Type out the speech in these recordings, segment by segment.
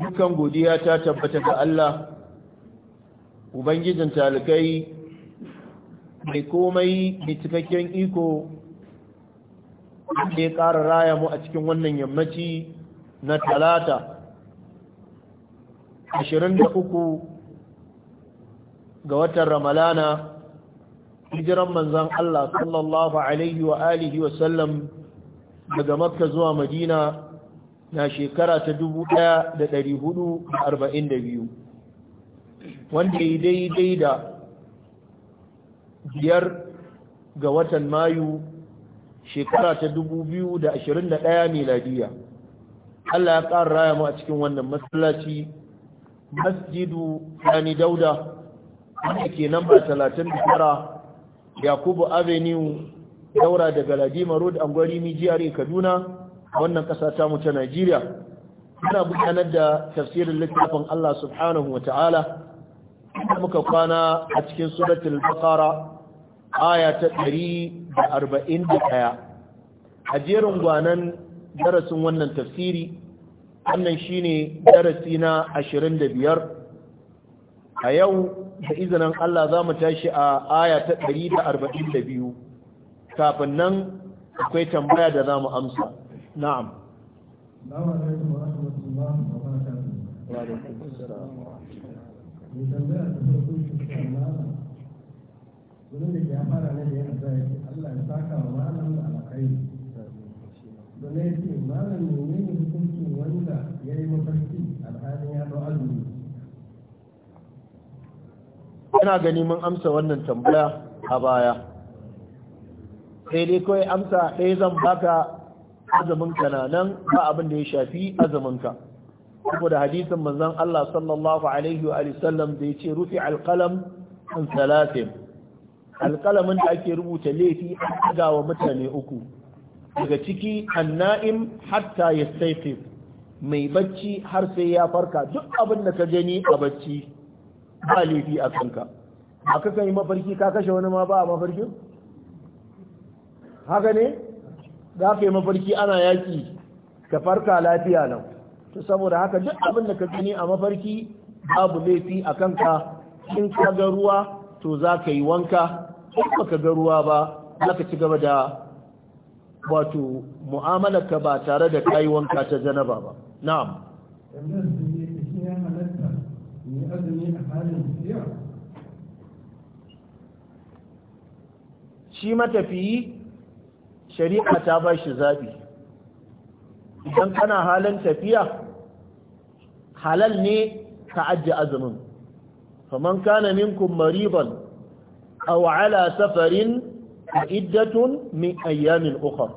dukan godiya ta tabbata ga Allah ubangijin talikai mai komai mai cikakken iko ne ƙara raya mu a cikin wannan yammaci na talata 23 ga watan ramalana hijiran manzan Allah sallallahu alaihi wa alihi daga makka zuwa madina na shekara ta 1442 wanda ya daidai da biyar ga watan mayu shekara ta da 2021 miladiya Allah ya ƙara raya mu a cikin wannan masallaci masjidu Sani Dauda wanda ke da 39 Yakubu Avenue daura daga Ladima Road Angwari Mijiyar Kaduna wannan ƙasa ta mu ta Najeriya muna gudanar da tafsirin littafin Allah subhanahu da muka kwana a cikin suratul baqara aya ta 141 a jerin gwanan darasin wannan tafsiri wannan shine darasi na 25 a yau da izinin Allah za mu tashi a aya ta 142 kafin nan akwai tambaya da za mu amsa na'am Assalamu alaikum wa rahmatullahi wa barakatuh. Wa ina gani mun amsa wannan tambaya a baya sai dai kawai amsa ɗaya zan baka azumin na nan ba abin da ya shafi azumin ka saboda hadisin manzon Allah sallallahu alaihi wa sallam da yace rufi alqalam an salatin alqalamin da ake rubuta laifi an daga wa mutane uku daga ciki anna'im hatta yastayqiz mai bacci har sai ya farka duk abin da ka gani a bacci ba laifi a kanka ba yi mafarki ka kashe wani ma ba a mafarkin haka ne za ka yi mafarki ana yaƙi ka farka lafiya nan to saboda haka duk abin da ka gani a mafarki babu laifi a kanka in ka ga ruwa to za ka yi wanka in ba ka ga ruwa ba za ka ci gaba da wato ka ba tare da kayi wanka ta janaba ba na'am shi matafiyi shari'a ta ba shi zaɓi idan kana halin tafiya halal ne ka ajiye azumin faman kana minkum mariban aw ala safarin iddatun min ayyamin ukhra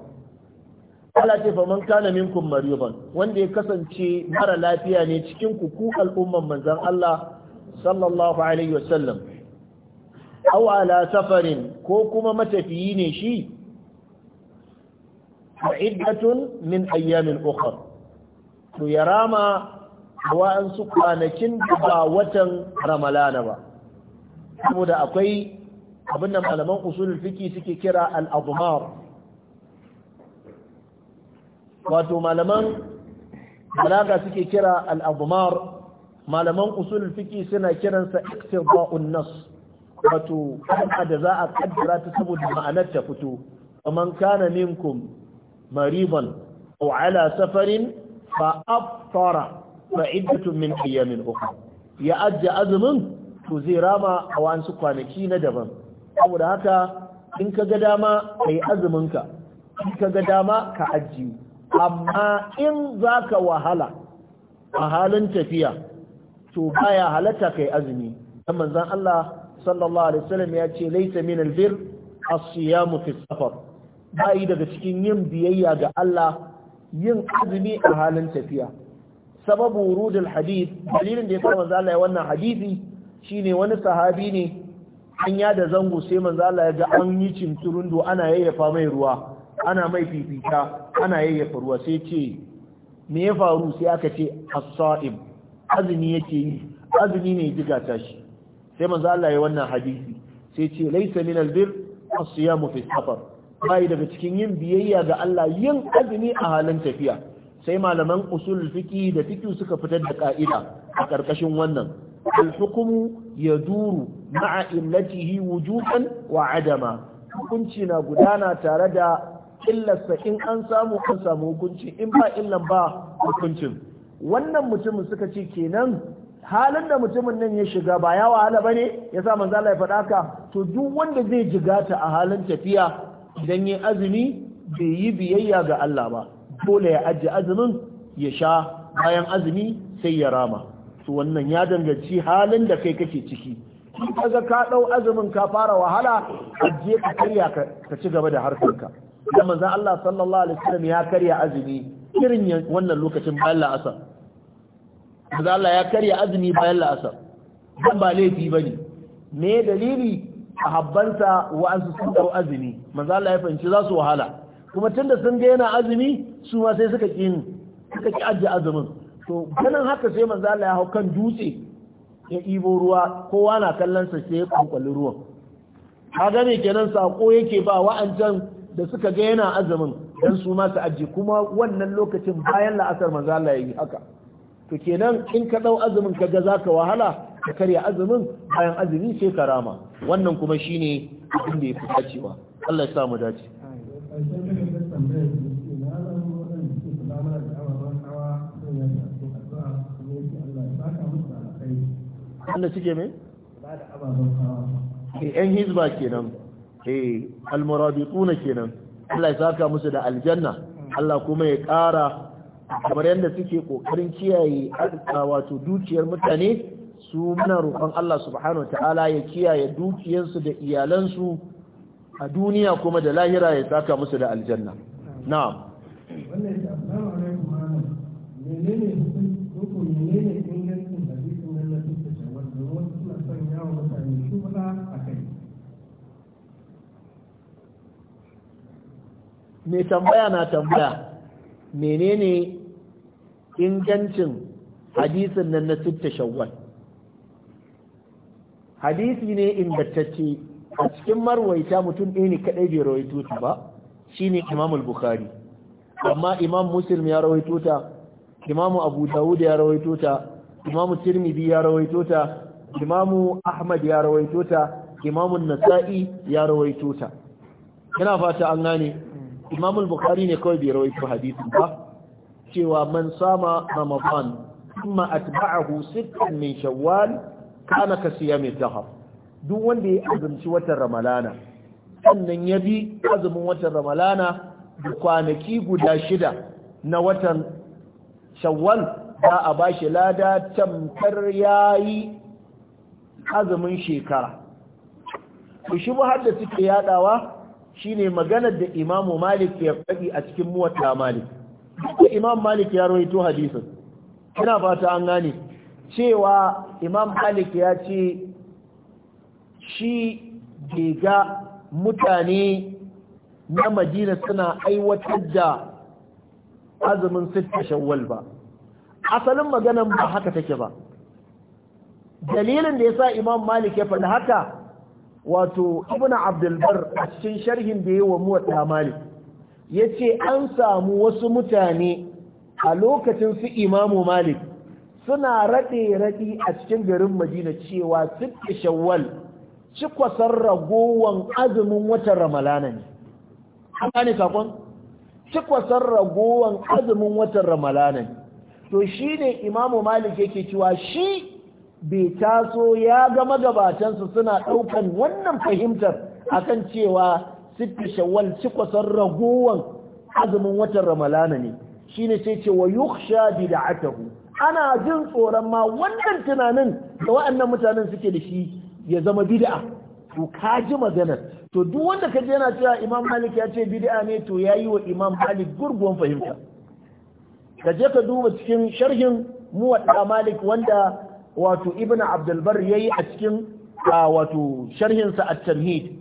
Allah ce faman kana minkum mariban wanda ya kasance mara lafiya ne cikin ku ku al'umman manzon Allah sallallahu alaihi wasallam aw ala safarin ko kuma matafiyi ne shi fa'iddatun min ayyamin ukhra to ya rama wa'ansu kwanakin da ba watan ramalana ba saboda akwai abin da malaman usulul fiki suke kira al wato malaman balaga suke kira al malaman usulul fiki suna kiransa iqtida'un nas wato da za a kaddara ta saboda ma'anar ta fito kaman kana minkum mariban aw ala safarin fa afṭara fa iddatun min ayyamin uku. ya ajja azumin to zai rama a wasu kwanaki na daban saboda haka in ka ga dama kai azumin ka in ka ga dama ka ajiyu. amma in zaka wahala a halin tafiya to baya halatta kai azumi dan manzon Allah sallallahu alaihi wasallam ya ce laysa min albir as-siyam fi safar bayi daga cikin yin biyayya ga Allah yin azumi a halin tafiya sababu wurudul hadith dalilin da ya sa manzo ya wannan hadisi shine wani sahabi ne an ya da zango sai manzo Allah ya ga an yi do ana yayyafa mai ruwa ana mai fifita ana yayyafa ruwa sai ce me ya faru sai aka ce as-sa'im azumi yake yi azumi ne jigata shi sai manzo ya wannan hadisi sai ce laysa min al-bir as-siyamu fi safar bai daga cikin yin biyayya ga Allah yin azumi a halin tafiya sai malaman usul fiki da fiki suka fitar da ka'ida a karkashin wannan al hukumu yaduru ma'a illatihi wujuban wa adama hukunci na gudana tare da illarsa in an samu an samu hukunci in ba illan ba hukuncin wannan mutumin suka ce kenan halin da mutumin nan ya shiga ba ya wahala ba ne ya sa manzo Allah ya faɗa ka to duk wanda zai jigata a halin tafiya idan yi azumi bai yi biyayya ga Allah ba dole ya ajiye azumin ya sha bayan azumi sai ya rama to wannan ya danganci halin da kai kake ciki in kaga ka dau azumin ka fara wahala ajiye ka karya ka ci gaba da harkarka dan manzon Allah sallallahu alaihi wasallam ya karya azumi irin wannan lokacin bayan la'asar manzon Allah ya karya azumi bayan la'asar dan ba laifi bane me dalili sahabbansa wa'ansu sun dau azumi manzo Allah ya fahimci za su wahala kuma tunda sun ga yana azumi su ma sai suka ki suka ki ajiye azumin to ganin haka sai manzo Allah ya hau kan dutse ya ibo ruwa kowa na kallon sa sai ya ruwa. Ka ga me kenan sako yake ba wa'ancan da suka ga yana azumin dan su ma su ajiye kuma wannan lokacin bayan la'asar manzo Allah ya yi haka to kenan in ka dau azumin ka ga zaka wahala ka karya azumin bayan azumi sai karama wannan kuma shine abin da ya fi dacewa Allah ya sa mu dace Allah suke mai? Eh ‘yan hizba kenan, eh almurabituna kenan, Allah ya saka musu da aljanna, Allah kuma ya ƙara kamar yadda suke ƙoƙarin kiyaye wato dukiyar mutane su muna roƙon Allah subhanahu ta'ala ya kiyaye dukiyarsu da iyalansu a duniya kuma da lahira ya saka musu da aljanna na'am wannan da menene ingancin me tambaya na tambaya menene ingancin hadisin nan na sitta shawwal hadisi ne ingantacce a cikin marwaita mutum ɗaya ne kaɗai bai rawaito ta ba shine imam al-bukhari amma imam muslim ya rawaito ta imam abu dawud ya rawaito ta imam tirmidhi ya rawaito ta imam ahmad ya rawaito ta imam an-nasa'i ya rawaito ta ina fata an gane imam al-bukhari ne kawai bai rawaito hadisin ba cewa man sama ramadan kuma atba'ahu sittan min shawwal kana ka siya mai dahar duk wanda ya azumci watan ramalana sannan ya bi azumin watan ramalana da kwanaki guda shida na watan shawwal za a ba shi lada tamkar yi azumin shekara ku shi har da suke yadawa shine maganar da imamu malik ya faɗi a cikin muwatta malik imam malik ya rawaito hadisin kina fata an gane cewa imam malik ya ce shi ga mutane na madina suna aiwatar da azumin sita shawwal ba asalin maganan ba haka take ba dalilin da ya sa imam malik ya faɗi haka wato ibnu abdulbar a cikin sharhin da yi wa muwatta malik ce an samu wasu mutane a lokacin su imamu malik suna raɗe raɗi a cikin garin madina cewa sitti shawwal cikwasan ragowan azumin watan ramalana ne A ne sakon? cikwasan ragowan azumin watan ramalana ne to shi ne imamu malik yake cewa shi bai taso ya ga magabatansu suna ɗaukan wannan fahimtar akan cewa sitti shawwal cikwasan ragowan azumin watan ramalana ne shine sai ce wa yukhsha bid'atahu ana jin tsoron ma wannan tunanin da wa'annan mutanen suke da shi ya zama bid'a to ka ji maganar to duk wanda ka je yana cewa imam malik ya ce bid'a ne to ya yi wa imam malik gurguwan fahimta ka je ka duba cikin sharhin muwadda malik wanda wato ibn abdulbar ya yi a cikin wato sharhinsa a tamhid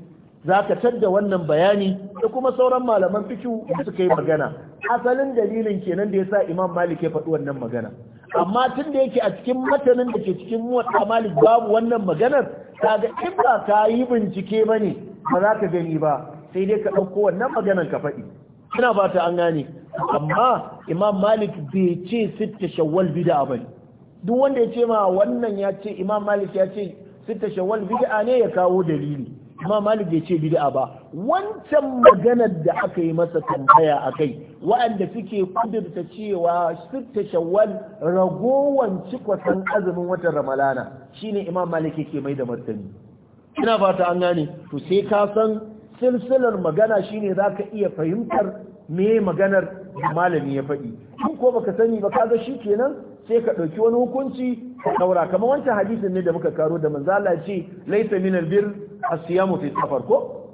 za ka tadda wannan bayani da kuma sauran malaman fikihu da suka yi magana asalin dalilin kenan da ya sa imam malik ya faɗi wannan magana amma tun da yake a cikin matanin da ke cikin muwatta malik babu wannan maganar kaga in ba ka yi bincike ba ne ba za ka gani ba sai dai ka ɗauko wannan maganar ka faɗi yana ba ta an gane amma imam malik bai ce sitta shawwal bid'a ba duk wanda ya ce ma wannan ya ce imam malik ya ce sitta shawwal bid'a ne ya kawo dalili Imam Malik bai ce bid'a ba wancan maganar da aka yi masa tambaya a kai waɗanda suke kudurta cewa sitta shawwal ragowan cikwasan azumin watan ramalana shine Imam Malik yake mai da martani ina fata an gane to sai ka san silsilar magana shine zaka iya fahimtar me maganar malami ya faɗi in ko baka sani ba kaga shi kenan sai ka ɗauki wani hukunci ka daura kamar wancan hadisin ne da muka karo da manzala ce laisa minal birr asiyamu fi safar ko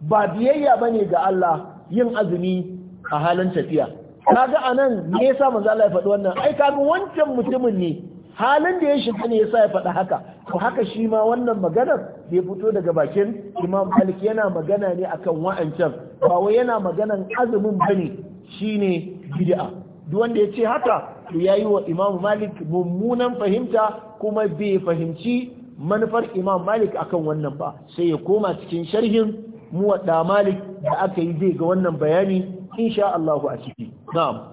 ba biyayya bane ga Allah yin azumi a halin tafiya kaga anan me yasa manzo Allah ya faɗi wannan ai kaga wancan mutumin ne halin da ya shiga ne yasa ya faɗi haka to haka shi ma wannan maganar da ya fito daga bakin Imam Malik yana magana ne akan wa'ancan ba wai yana maganan azumin bane shine bid'a duk wanda ya ce haka to yayi wa Imam Malik mummunan fahimta kuma bai fahimci manufar imam malik akan wannan ba sai ya koma cikin sharhin muwadda malik da aka yi zai ga wannan bayani insha Allahu a ciki na'am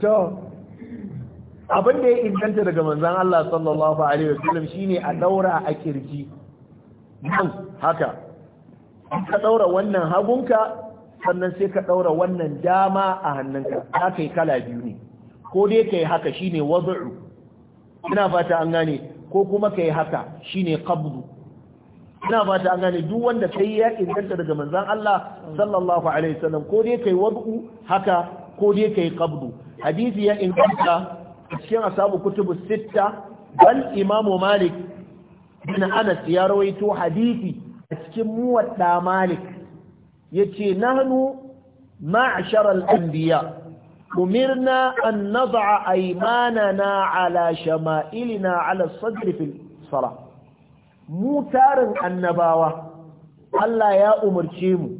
to abin da ya inganta daga manzan Allah sallallahu alaihi wasallam shine a daura a kirji nan haka ka daura wannan hagunka sannan sai ka daura wannan dama a hannunka ta kai kala biyu ne ko dai ka yi haka shine wadu'u ina fata an gane ko kuma ka yi haka shine qabdu ina fata an gane duk wanda kai ya inganta daga manzan Allah sallallahu alaihi wasallam ko dai kai wadu haka ko dai kai qabdu hadisi ya inganta cikin asabu kutubu sitta bal imamu malik bin anas ya rawaito hadisi a cikin muwadda malik yace nahnu ma'shar al-anbiya umirna an nad'a aymanana ala shama'ilina ala sadri fil salah mu tarin annabawa Allah ya umarce mu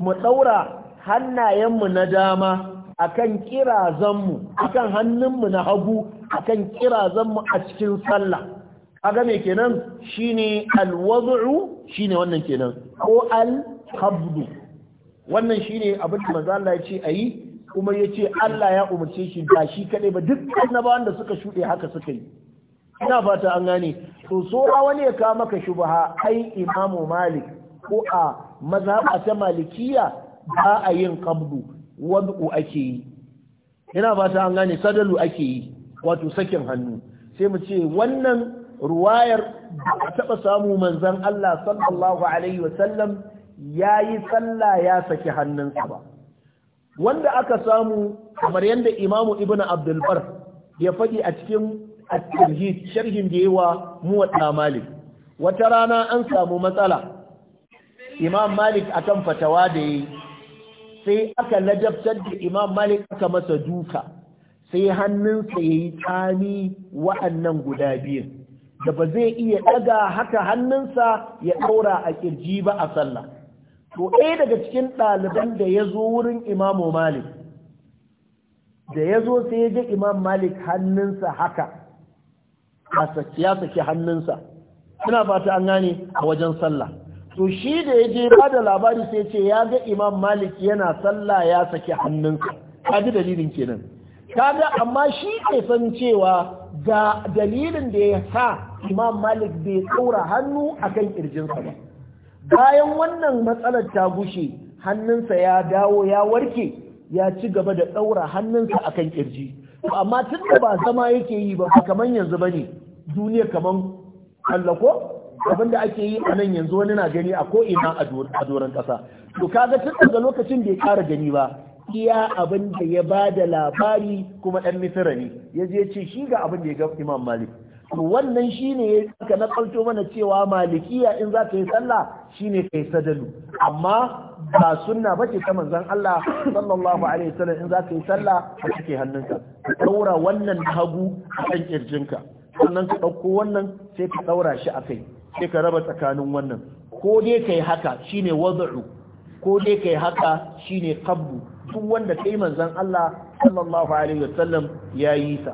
mu daura hannayenmu na dama akan kirazanmu akan mu na hagu akan mu a cikin sallah kaga me kenan shine alwad'u shine wannan kenan ko alqabdu wannan shine abin da manzo Allah ya ayi kuma yace Allah ya umarce shi da shi kadai ba duk annabawan da suka shude haka suka yi ina fata an gane to sora wani ya kawo maka shubha ai imamu malik ko a mazhab ta malikiya ba a yin qabdu wad'u ake yi ina ba ta an gane sadalu ake yi wato sakin hannu sai mu ce wannan ruwayar a taɓa samu manzan Allah sallallahu alaihi wasallam ya yi tsalla ya saki hannunsa ba wanda aka samu kamar yadda imamu ibn abdulbar ya faɗi a cikin at sharhin da yawa muwatta malik wata rana an samu matsala imam malik a kan fatawa da yi sai aka ladabtar da imam malik aka masa duka sai hannunsa ya yi tsami wa'annan guda biyun da ba zai iya ɗaga haka hannunsa ya ɗaura a ƙirji ba a sallah to ɗaya daga cikin ɗaliban da ya zo wurin imamu malik da ya zo sai ya ga imam malik hannunsa haka ya saki hannunsa Suna fata an gane a wajen sallah to shi da ya je ba da labari sai ce ya ga imam malik yana sallah ya saki hannunsa ka ji dalilin kenan ga amma shi ke san cewa ga dalilin da ya sa imam malik bai tsora hannu a kan kirjinsa ba bayan wannan matsalar ta gushe hannunsa ya dawo ya warke ya ci gaba da ɗaura hannunsa akan kirji amma tun da ba zama yake yi ba kamar yanzu bane duniya kamar Allah abin da ake yi a nan yanzu wani na gani a ko'ina a doron ƙasa to kaga tun daga lokacin da ya ƙara gani ba iya abin da ya ba da labari kuma ɗan misira ne ya je ce shi ga abin da ya ga imam malik to wannan shi ne aka nakalto mana cewa malikiya in za ka yi sallah shi ne ka yi sadalu amma ba sunna ba ce ta manzan Allah sallallahu alaihi wasallam in za ka yi sallah ka cike hannunka ka ɗaura wannan hagu a kan ka sannan ka ɗauko wannan sai ka ɗaura shi a kai sai ka raba tsakanin wannan ko dai kai haka shine wad'u ko dai kai haka shine qabbu duk wanda kai manzon Allah sallallahu alaihi wasallam yayi sa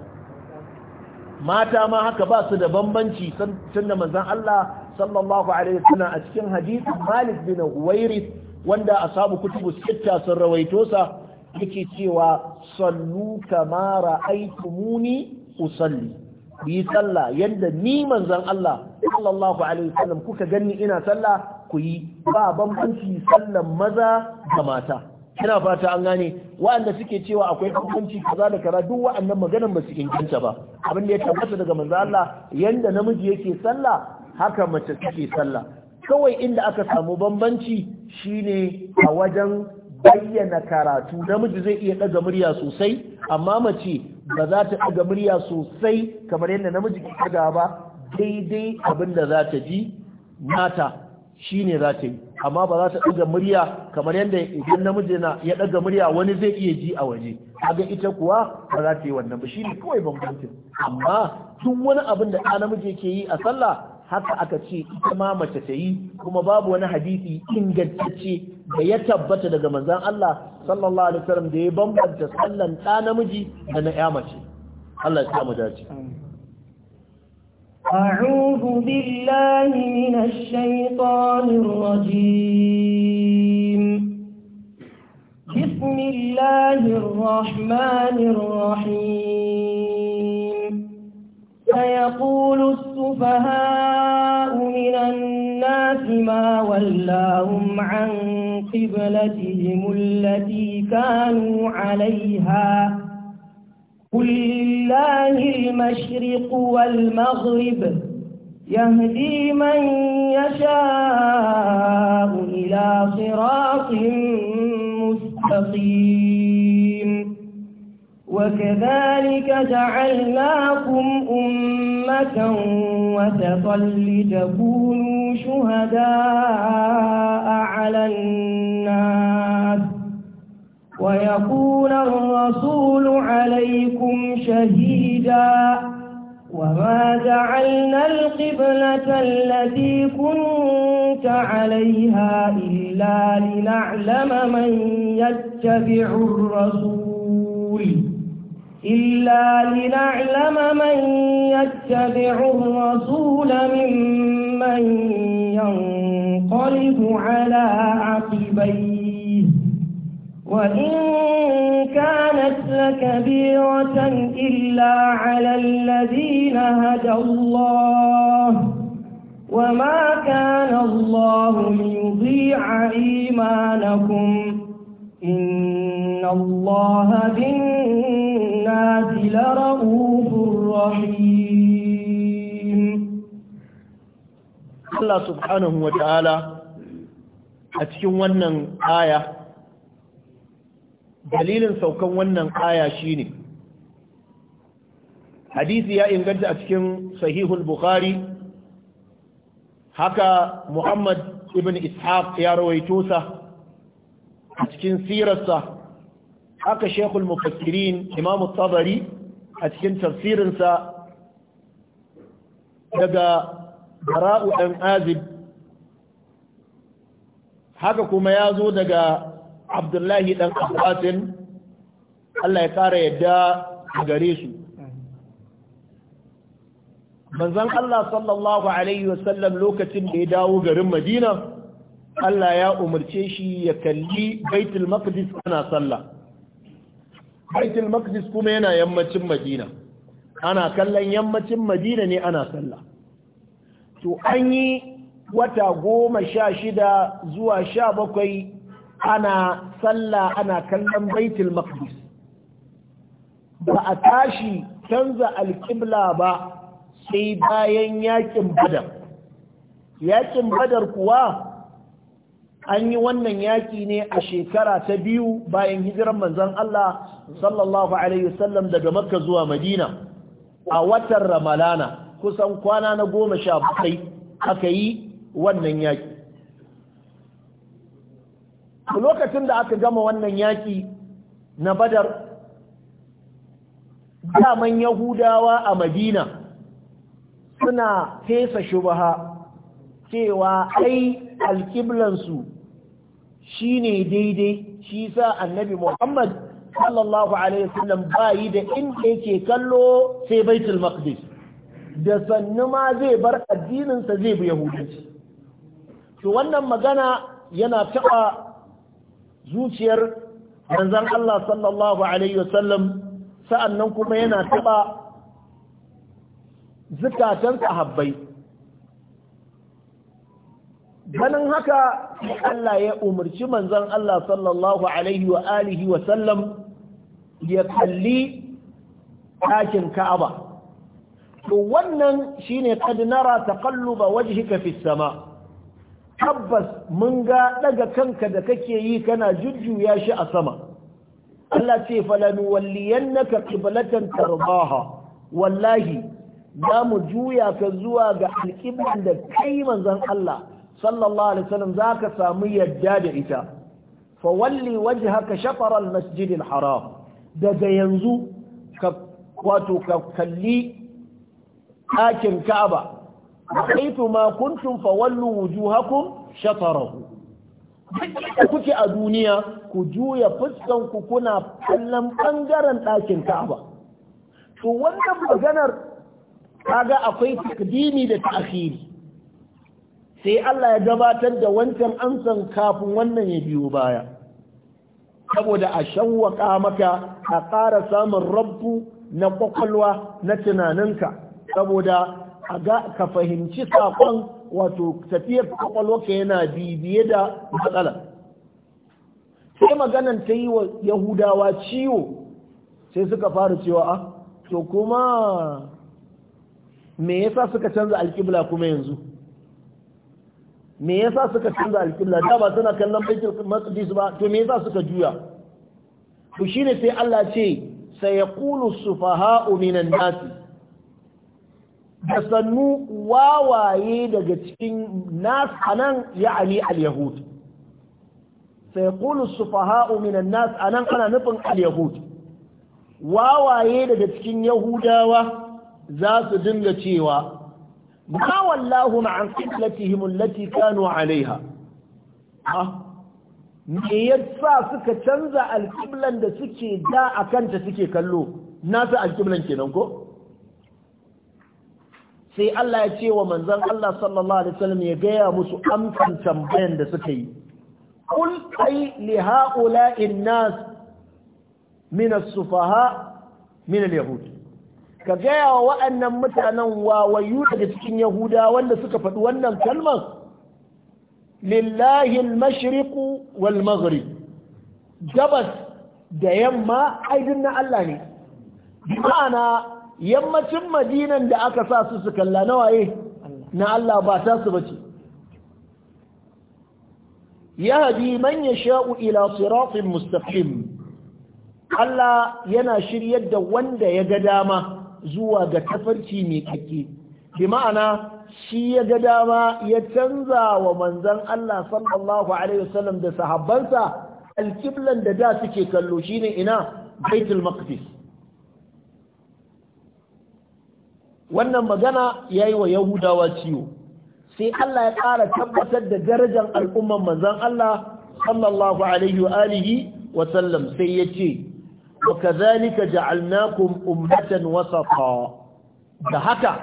mata ma haka ba su da bambanci tunda manzon Allah sallallahu alaihi wasallam a cikin hadisi Malik bin Huwairis wanda asabu kutubu sitta sun rawaito sa yake cewa sallu kama ra'aytumuni usalli ku yi sallah yadda ni manzan Allah sallallahu alaihi wasallam kuka ganni ina sallah ku yi ba bambanci sallan maza da mata Kina fata an gane wa'anda suke cewa akwai bambanci kaza da kaza duk waɗannan maganan ba su inganta ba abin da ya tabbata daga manzan Allah yanda namiji yake sallah haka mace take sallah kawai inda aka samu bambanci shine a wajen bayyana karatu namiji zai iya ɗaga murya sosai amma mace ba za ta ɗaga murya sosai kamar yadda namiji ke ɗaga ba daidai abin da za ta ji nata shi ne za ta yi amma ba za ta ɗaga murya kamar yadda idan namiji na ya ɗaga murya wani zai iya ji a waje kaga ita kuwa ba za ta yi wannan ba shi ne kawai bambancin amma duk wani abin da ɗa namiji ke yi a sallah haka aka ce ita ma mace ta yi kuma babu wani hadisi ingantacce da ya tabbata daga manzan Allah sallallahu alaihi wasallam da ya bambanta sallan ɗa namiji da na ƴa mace Allah ya samu dace أعوذ بالله من الشيطان الرجيم بسم الله الرحمن سيقول السفهاء من الناس ما ولاهم عن قبلتهم التي كانوا عليها قل لله المشرق والمغرب يهدي من يشاء إلى صراط مستقيم وكذلك جعلناكم أمة وسطا لتكونوا شهداء على الناس ويقول الرسول عليكم شهيدا وما جعلنا القبلة التي كنت عليها إلا لنعلم من يتبع الرسول إلا لنعلم من يتبع الرسول ممن ينقلب على عقبيه وإن كانت لكبيرة إلا على الذين هدى الله وما كان الله ليضيع إيمانكم إن الله بالناس لرؤوف رحيم Allah subhanahu wa ta'ala a cikin wannan aya dalilin saukan wannan aya shine hadisi ya inganta a cikin sahihul bukhari haka muhammad ibn ishaq ya rawaito sa a cikin sirarsa haka shekul mufassirin imamu tabari a cikin tafsirinsa daga bara'u ɗan azib haka kuma ya zo daga abdullahi ɗan abbasin Allah ya ƙara yadda a gare su manzan Allah sallallahu Alaihi wasallam lokacin da ya dawo garin Madina Allah ya umarce shi ya kalli baitul maqdis ana sallah baitul maqdis kuma yana yammacin madina ana kallon yammacin madina ne ana sallah to an yi wata goma sha shida zuwa sha bakwai ana sallah ana kallon baitul maqdis ba a tashi canza alƙibla ba sai bayan yakin badar yakin badar kuwa an yi wannan yaƙi ne a shekara ta biyu bayan hijiran manzon Allah sallallahu alaihi wasallam daga makka zuwa madina a watan ramalana kusan kwana na goma sha bakwai aka yi wannan yaƙi lokacin da aka gama wannan yaƙi na badar daman yahudawa a madina suna fesa shubaha cewa ai alƙiblansu shi ne daidai shi sa annabi muhammad sallallahu alaihi wasallam bayi da inda yake kallo sai baitul maqdis da sannu ma zai bar addininsa zai bi yahudanci to wannan magana yana taɓa zuciyar manzon Allah sallallahu alaihi wasallam sa'annan kuma yana taɓa zukatan sahabbai ganin haka Allah ya umarci manzon Allah sallallahu alaihi wa alihi wa sallam ya kalli ɗakin Ka'aba to wannan shine kad nara taqalluba wajhika fi sama tabbas mun ga daga kanka da kake yi kana jujjuya shi a sama Allah ce naka qiblatan tarbaha wallahi za mu juya ka zuwa ga alƙiblan da kai manzon Allah sallallahu alaihi wasallam zaka samu yadda da ita fa walli wajhaka shatr al-masjid al-haram daga yanzu ka wato ka kalli ɗakin Ka'aba haitu ma kuntum fa wallu wujuhakum shatarahu kuke a duniya ku juya fuskan ku kuna kallon bangaren ɗakin Ka'aba to wannan maganar kaga akwai takdimi da ta'khiri sai Allah ya gabatar da wancan ansan kafin wannan ya biyo baya saboda a shawwaka maka a ƙara samun rabbu na kwakwalwa na tunaninka saboda a ga ka fahimci saƙon wato tafiyar kwakwalwarka yana bibiye da matsala sai maganan ta yi wa yahudawa ciwo sai suka fara cewa a ah, to kuma me yasa suka canza alƙibla kuma yanzu me yasa suka canza alƙibla da ba suna kallon baitul maqdis ba to me yasa suka juya to shine sai Allah ce sayaqulu sufaha'u minan nasi da sannu wawaye daga cikin nas anan ya'ani al-yahud sayaqulu sufaha'u minan nas anan ana nufin al-yahud wawaye daga cikin yahudawa za su dinga cewa na wallahu ma'an qiblatihim allati kanu 'alayha ha me yasa suka canza alƙiblan da suke da akanta suke kallo nasa alƙiblan kenan ko sai Allah ya ce wa manzon Allah sallallahu alaihi wasallam ya gaya musu amsan tambayan da suka yi qul ay li ha'ula'i nas min as-sufaha min al ka gaya wa wa'annan mutanen wawayu daga cikin yahuda wanda suka faɗi wannan kalmar lillahi mashriqu wal maghrib gabas da yamma aidin na Allah ne ma'ana yammacin madinan da aka sa su su kalla na waye na Allah ba ta su bace yahdi man yasha'u ila siratin mustaqim Allah yana shiryar da wanda ya ga dama zuwa ga tafarki mai kake bi ma'ana shi ya ga dama ya canza wa manzon Allah sallallahu alaihi wasallam da sahabbansa alkiblan da da suke kallo shine ina baitul maqdis wannan magana yayi wa yahudawa ciwo sai Allah ya ƙara tabbatar da darajar al'umman manzan Allah sallallahu alaihi wa alihi wa sallam sai وكذلك جعلناكم أمة وسطا da haka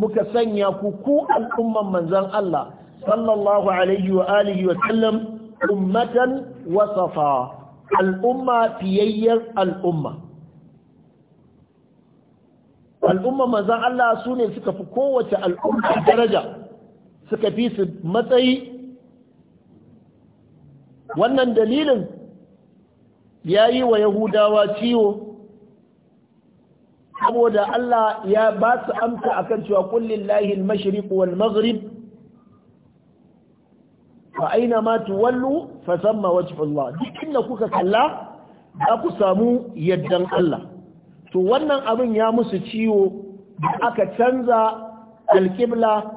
muka sanya ku ku al'umman manzan Allah sallallahu alaihi wa alihi wa sallam ummatan wasafa al'umma fiyayyar al'umma al'umma manzan Allah sune suka fi kowace al'umma daraja suka fi su matsayi wannan dalilin ya yi wa yahudawa ciwo saboda Allah ya ba su amsa a kan cewa kullin lahi mashiriku wal maghrib fa aina ma tuwallu fa samma wajhullah duk inda kuka kalla za ku samu yaddan Allah to wannan abin ya musu ciwo aka canza alƙibla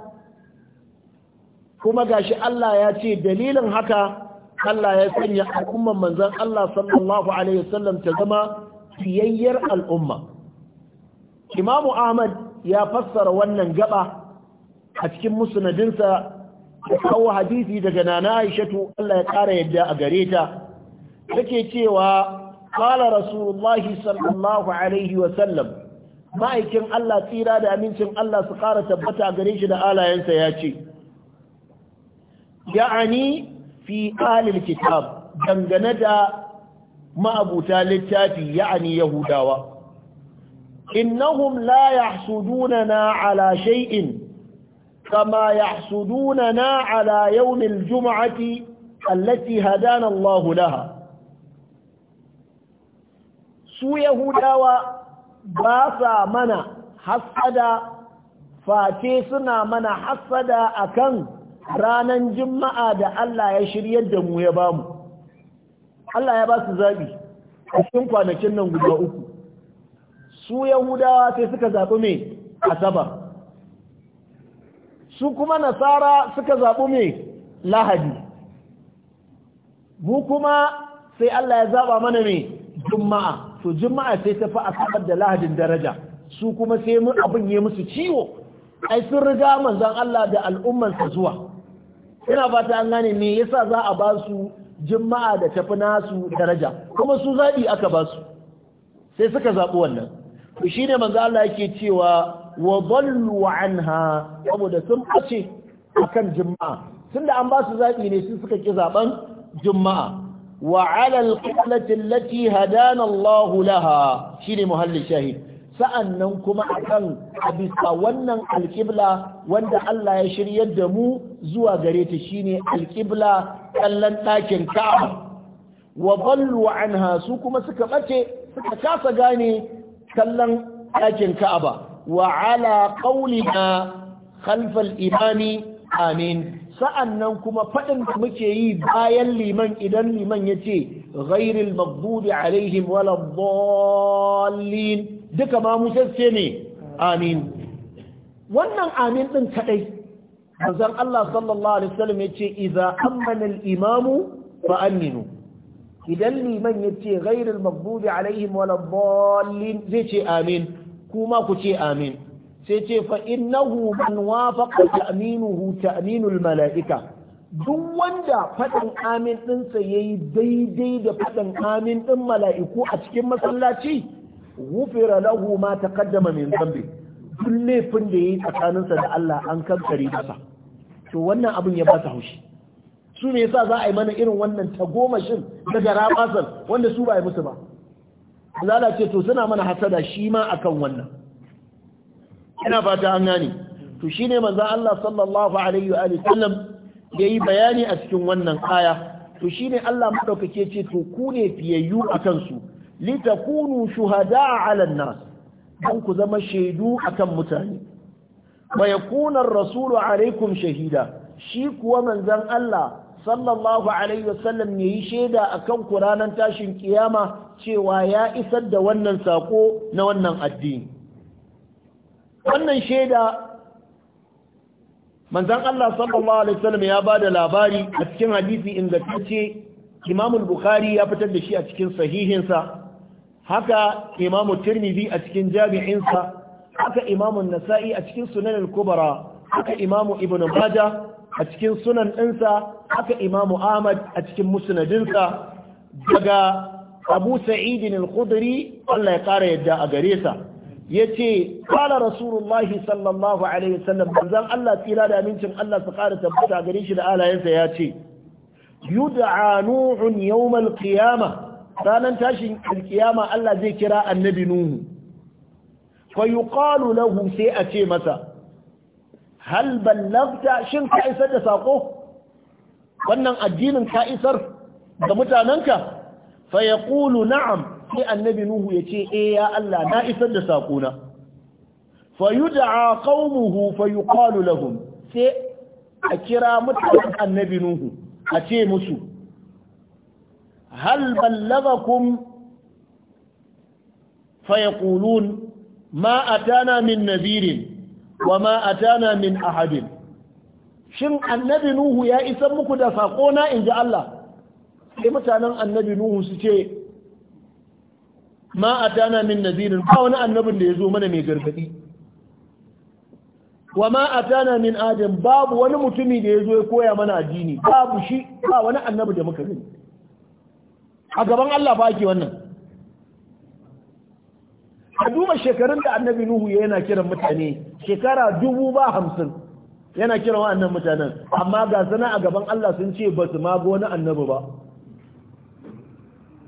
kuma gashi Allah ya ce dalilin haka Allah ya sanya al'umman manzan Allah sallallahu alaihi wasallam ta zama fiyayyar al'umma Imamu Ahmad ya fassara wannan gaba a cikin musnadinsa da kawo hadisi daga nana Aishatu Allah ya ƙara yadda a gare ta take cewa qala rasulullahi sallallahu alaihi wasallam ma'aikin Allah tsira da amincin Allah su ƙara tabbata gare shi da alayensa ya ce ya'ani fi alil kitab dangane da ma'abuta littafi ya'ani yahudawa innahum la na ala shay'in kama yahsudunana ala yawmil jum'ati allati hadana Allah laha su yahudawa ba sa mana hasada face suna mana hasada akan ranan juma'a da Allah ya shirya da mu ya bamu Allah ya ba su zabi a cikin kwanakin nan guda uku su yahudawa sai suka zaɓi me asabar su kuma nasara suka zaɓi me lahadi mu kuma sai Allah ya zaba mana mai juma'a to juma'a sai ta fi asabar da lahadin daraja su kuma sai mun abin ya musu ciwo ai sun riga manzon Allah da al'ummansa zuwa ina fata an gane me yasa za a ba su juma'a da tafi nasu daraja kuma su zaɓi aka ba su sai suka zaɓi wannan to shine manzo Allah yake cewa wa dallu anha saboda sun bace akan juma'a tunda an ba su zaɓi ne sun suka ki zaben juma'a wa ala alqiblati allati hadana Allah laha shine muhallin shahid sa'an nan kuma a kan a bisa wannan alƙibla wanda Allah ya shiryar da mu zuwa gare ta shine alƙibla kallon ɗakin ka'aba wa ballu anha su kuma suka ɓace suka kasa gane kallon ɗakin ka'aba wa ala qaulina khalfal imami amin Sa'an nan kuma faɗin da muke yi bayan liman idan liman ya ce ghairil maghdubi alaihim wala dhallin duka ma mu ne amin wannan amin din kadai manzon Allah sallallahu alaihi wasallam ya ce idza amana al-imamu fa aminu idan liman ya ce ghairil maghdubi alaihim wala dhallin zai ce amin kuma ku ce amin sai ce fa innahu man wafaqa ta'minuhu ta'minul mala'ika duk wanda faɗin amin ɗinsa ya yi daidai da faɗin amin ɗin mala'iku a cikin masallaci wufira lahu ma taqaddama min zambi duk laifin da ya yi tsakaninsa da Allah an kankare masa to wannan abin ya ba ta haushi su ne yasa za a yi mana irin wannan tagomashin daga rabasan wanda su ba yi musu ba ce to suna mana hasada shi ma akan wannan ina fata an gane to shine manzo Allah sallallahu alaihi wa sallam yayi bayani a cikin wannan aya to shine Allah madaukake ce to ku ne fiyayyu akan su litakunu shuhada'a 'ala an-nas dan ku zama shaidu akan mutane wa yakuna ar-rasulu 'alaykum shahida shi kuwa manzon Allah sallallahu alaihi wasallam ne yi shaida akan ku ranar tashin kiyama cewa ya isar da wannan sako na wannan addini wannan shaida manzan Allah sallallahu alaihi wasallam ya labari a cikin hadisi ingantacce Imam imamul bukhari ya fitar da shi a cikin sahihinsa haka Imamu Tirmidhi a cikin jami'insa haka Imamu nasai a cikin Sunan al-Kubra haka Imamu Ibn Baja a cikin sunan ɗinsa haka Imamu Ahmad a cikin musnadinsa daga Abu Sa'id al-Khudri Allah ya ƙara yadda a gare sa yace qala rasulullahi sallallahu alaihi wasallam manzon Allah tsira da amincin Allah su ƙara tabbata gare shi da alayensa ya ce yud'a nuhun yawmal qiyamah ranan tashin alkiyama Allah zai kira annabi nuhu fa yuqalu lahu sai a ce masa hal ballagta shin ka isar da sako wannan addinin ka isar da mutananka fa yaqulu na'am sai annabi nuhu ya ce e ya Allah na isar da sakona fayud'a qaumuhu fayuqalu lahum sai a kira mutanen annabi nuhu a ce musu hal ballagakum fayaqulun ma tana min nadhirin wa ma tana min ahadin shin annabi nuhu ya isar muku da sakona inji Allah sai mutanen annabi nuhu su ce ma tana min Nazirin ba wani annabin da ya zo mana mai gargadi wa ma tana min adam babu wani mutumi da ya zo ya koya mana addini babu shi ba wani annabi da muka gani a gaban Allah ba ake wannan a duba shekarun da annabi nuhu yana kiran mutane shekara dubu ba hamsin yana kiran annan mutanen amma ga sana a gaban Allah sun ce ba su mago wani annabi ba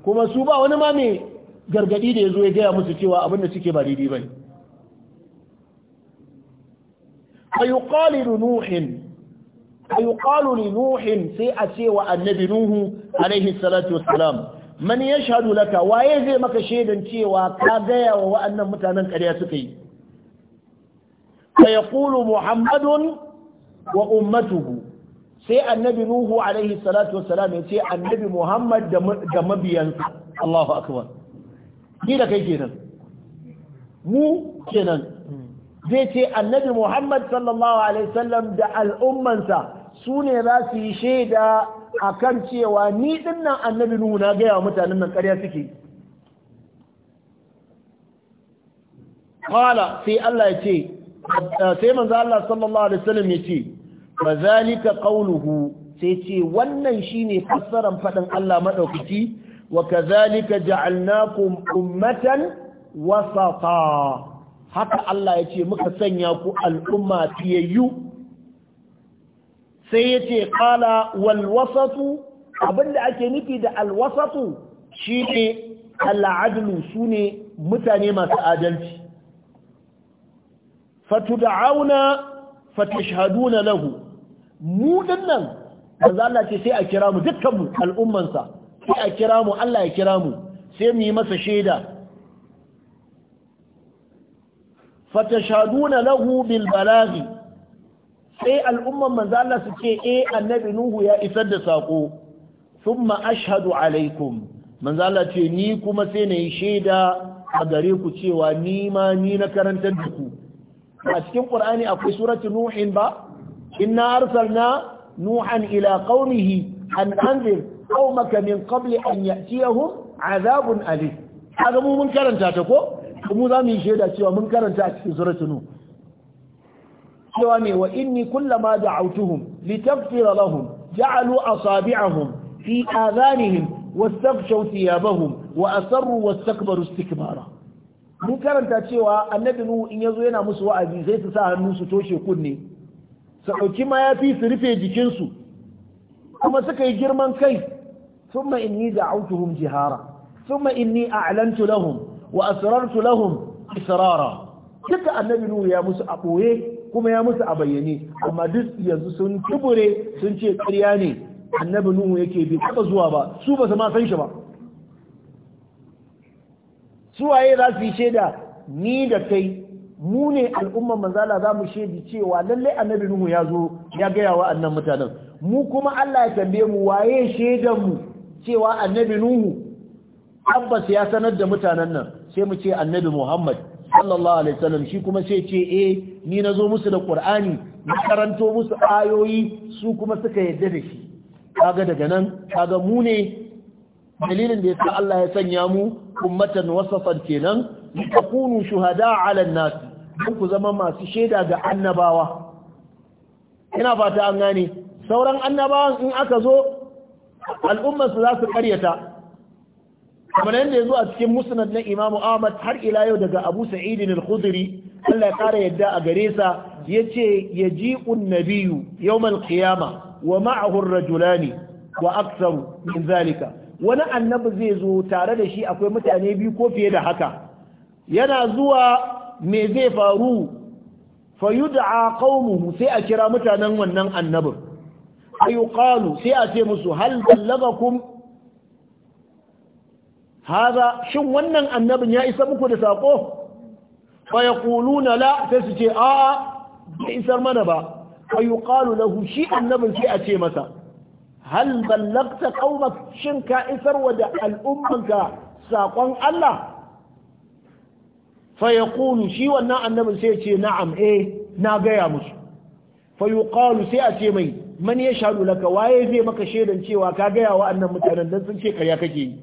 kuma su ba wani ma mai gargadi da ya zo ya gaya musu cewa abin da suke ba daidai ba ne. Ayyukalu Nuhin sai a ce wa annabi Nuhu alaihi salatu wassalam, mani ya shaɗu laka waye zai maka shaidan cewa ka gaya wa wa'annan mutanen ƙarya suka yi. Ka yaƙulu Muhammadun wa ummatu sai annabi Nuhu alaihi salatu wassalam ya ce annabi Muhammad da mabiyansa Allahu Akbar. ni da kai kenan mu kenan zai ce annabi muhammad sallallahu alaihi wasallam da al'ummansa su ne za su yi shaida a kan cewa ni dinnan annabi nuhu na gaya wa mutanen nan karya suke kala sai Allah ya ce sai manzo Allah sallallahu alaihi wasallam ya ce fa zalika qawluhu sai ce wannan shine fassaran fadin Allah madaukaki Wa ka وكذلك جعلناكم أمة وسطا haka Allah ya ce muka sanya ku al'umma fiyayyu sai ya ce ƙala walwasatu abinda ake nufi da alwasatu shine ne al'adulu su ne mutane masu adalci fatuda'auna fatashhaduna lahu mu dinnan manzo Allah ce sai a kira mu dukkanmu al'ummansa sai a kira mu Allah ya kira mu sai mu yi masa shaida fatashaduna lahu bil balaghi sai al'umman manzo Allah su ce eh annabi nuhu ya isar da sako thumma ashhadu alaikum manzo Allah ce ni kuma sai na yi shaida a gare ku cewa ni ma ni na karantar da ku a cikin qur'ani akwai suratu nuhin ba inna arsalna nuhan ila qaumihi an anzir qaumaka min qabli an ya'tiyahum azabun alim kaga mu mun karanta ta ko mu za mu yi shaida cewa mun karanta a cikin suratul nu cewa ne wa inni kullama da'awtuhum litaghfira lahum ja'alu asabi'ahum fi adhanihim wastaghshaw thiyabahum wa asarru wastakbaru istikbara mun karanta cewa annabi nuhu in yazo yana musu wa'azi zai su sa hannu su toshe kunne su dauki mayafi su rufe jikinsu kuma suka yi girman kai ثم إني دعوتهم جهارا ثم إني أعلنت لهم وأسررت لهم إسرارا duka annabi nuhu ya musu a ɓoye kuma ya musu a bayyane amma duk yanzu sun tubure sun ce ƙarya ne annabi nuhu yake bai taɓa zuwa ba su ba ma san shi ba suwaye za su yi shaida ni da kai mu ne al'ummar manzala za mu shaidi cewa lallai annabi nuhu ya zo ya gaya wa annan mutanen mu kuma Allah ya tambaye mu waye shaidan mu cewa annabi nuhu Abbas ya sanar da mutanen nan sai mu ce annabi muhammad sallallahu alaihi wasallam shi kuma sai ce eh ni nazo musu da qur'ani na karanto musu ayoyi su kuma suka yadda da shi kaga daga nan kaga mu ne dalilin da yasa Allah ya sanya mu ummatan wasatan kenan kunu shuhada ala nas ku zama masu shaida ga annabawa ina fata an gane sauran annabawan in aka zo al'ummar su za su karyata kamar yadda ya zo a cikin musnad na Imam Ahmad har ila yau daga Abu sa'idin al-Khudri Allah ya kara yadda a gare sa yace ya ji nabiyyu yawm al-qiyama wa ma'ahu ar-rajulani wa aktharu min zalika wani annabi zai zo tare da shi akwai mutane biyu ko fiye da haka yana zuwa me zai faru fa yud'a qaumuhu sai a kira mutanen wannan annabin Fayuqalu sai a ce musu hal ballagakum haza shin wannan annabin ya isa muku da sako fa yaquluna la sai su ce a a isar mana ba Fayuqalu lahu shi annabin sai a ce masa hal ballagta qaumak shin ka isar wa da al'ummanka sakon Allah fa shi wannan annabin sai ya ce na'am eh na gaya musu Fayuqalu sai a ce mai man ya shaɗu laka waye zai maka shaidan cewa ka gaya wa annan mutanen dan sun ce karya kake yi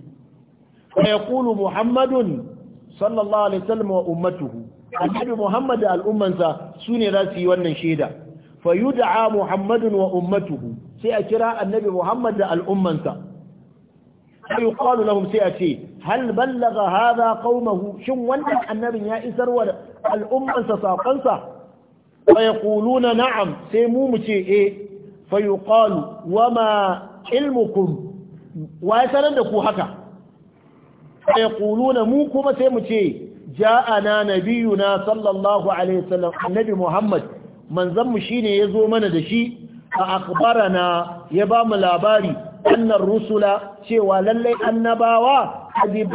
fa yaqulu muhammadun sallallahu alaihi wasallam wa ummatuhu annabi muhammad da al'ummansa su ne za su yi wannan shaida fa yud'a muhammadun wa ummatuhu sai a kira annabi muhammad da al'ummansa sai yuqalu lahum sai a ce hal ballaga hadha qaumahu shin wannan annabin ya isar wa al'ummansa sakonsa fa yaquluna na'am sai mu mu ce eh fa yuqalu wama ilmukum wa ya sanar da ku haka sai yaquluna mu kuma sai mu ce ja'ana nabiyuna sallallahu alaihi wasallam annabi muhammad manzon mu shine yazo mana da shi a akhbarana ya ba mu labari annar rusula cewa lallai annabawa hadi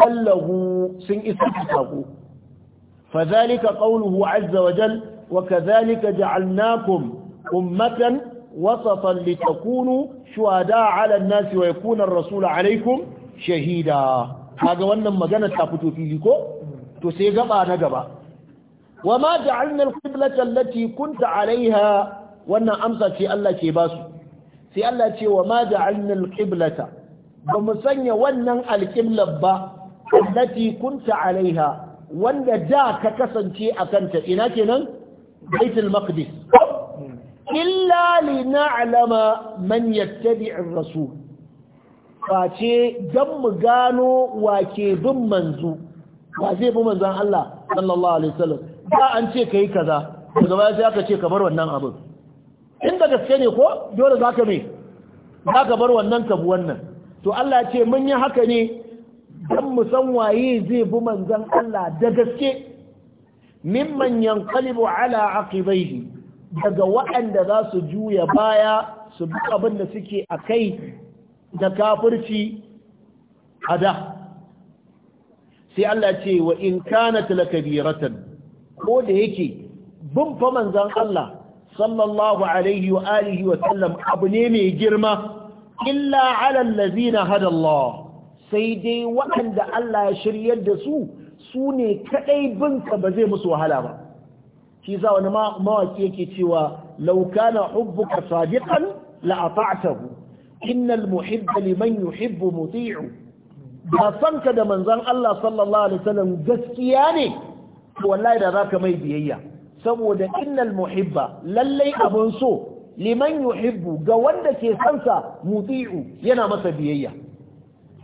sun isa sako fadhalika qawluhu azza wa jal wa kadhalika ja'alnakum ummatan وسطا لتكونوا شهداء على الناس ويكون الرسول عليكم شهيدا هذا wannan magana ta fito fili ko to sai gaba na gaba wama ja'alna al-qiblata allati kunta 'alayha wannan amsa ce Allah ke basu sai Allah ce wama ja'alna al ba mu sanya wannan al ba allati kunta 'alayha wanda da ka kasance akan ta ina kenan baitul maqdis illa li na'lama man yattabi'ir rasul face dan mu gano wa ke bin manzo wa zai bi manzon Allah sallallahu alaihi wasallam ba an ce kai kaza daga baya sai aka ce ka bar wannan abin inda gaske ne ko dole zaka me zaka bar wannan ka bi wannan to Allah ya ce mun yi haka ne dan mu san waye zai bi manzon Allah da gaske mimman yanqalibu ala aqibaihi daga waɗanda za su juya baya su bi abin da suke a kai da kafirci a da sai Allah ce wa in kana talakabiratan ko da yake bin fa manzan Allah sallallahu alaihi wa alihi wa sallam abu ne mai girma illa ala allazina hada Allah sai dai waɗanda Allah ya shiryar da su su ne kadai binka ba zai musu wahala ba shi za wani mawaki yake cewa laukana kana hubbuka sadiqan la ata'tahu innal muhibba liman yuhibbu muti'u ba san ka da manzon Allah sallallahu alaihi wasallam gaskiya ne wallahi da zaka mai biyayya saboda innal muhibba lallai abun so liman yuhibbu ga wanda ke sansa muti'u yana masa biyayya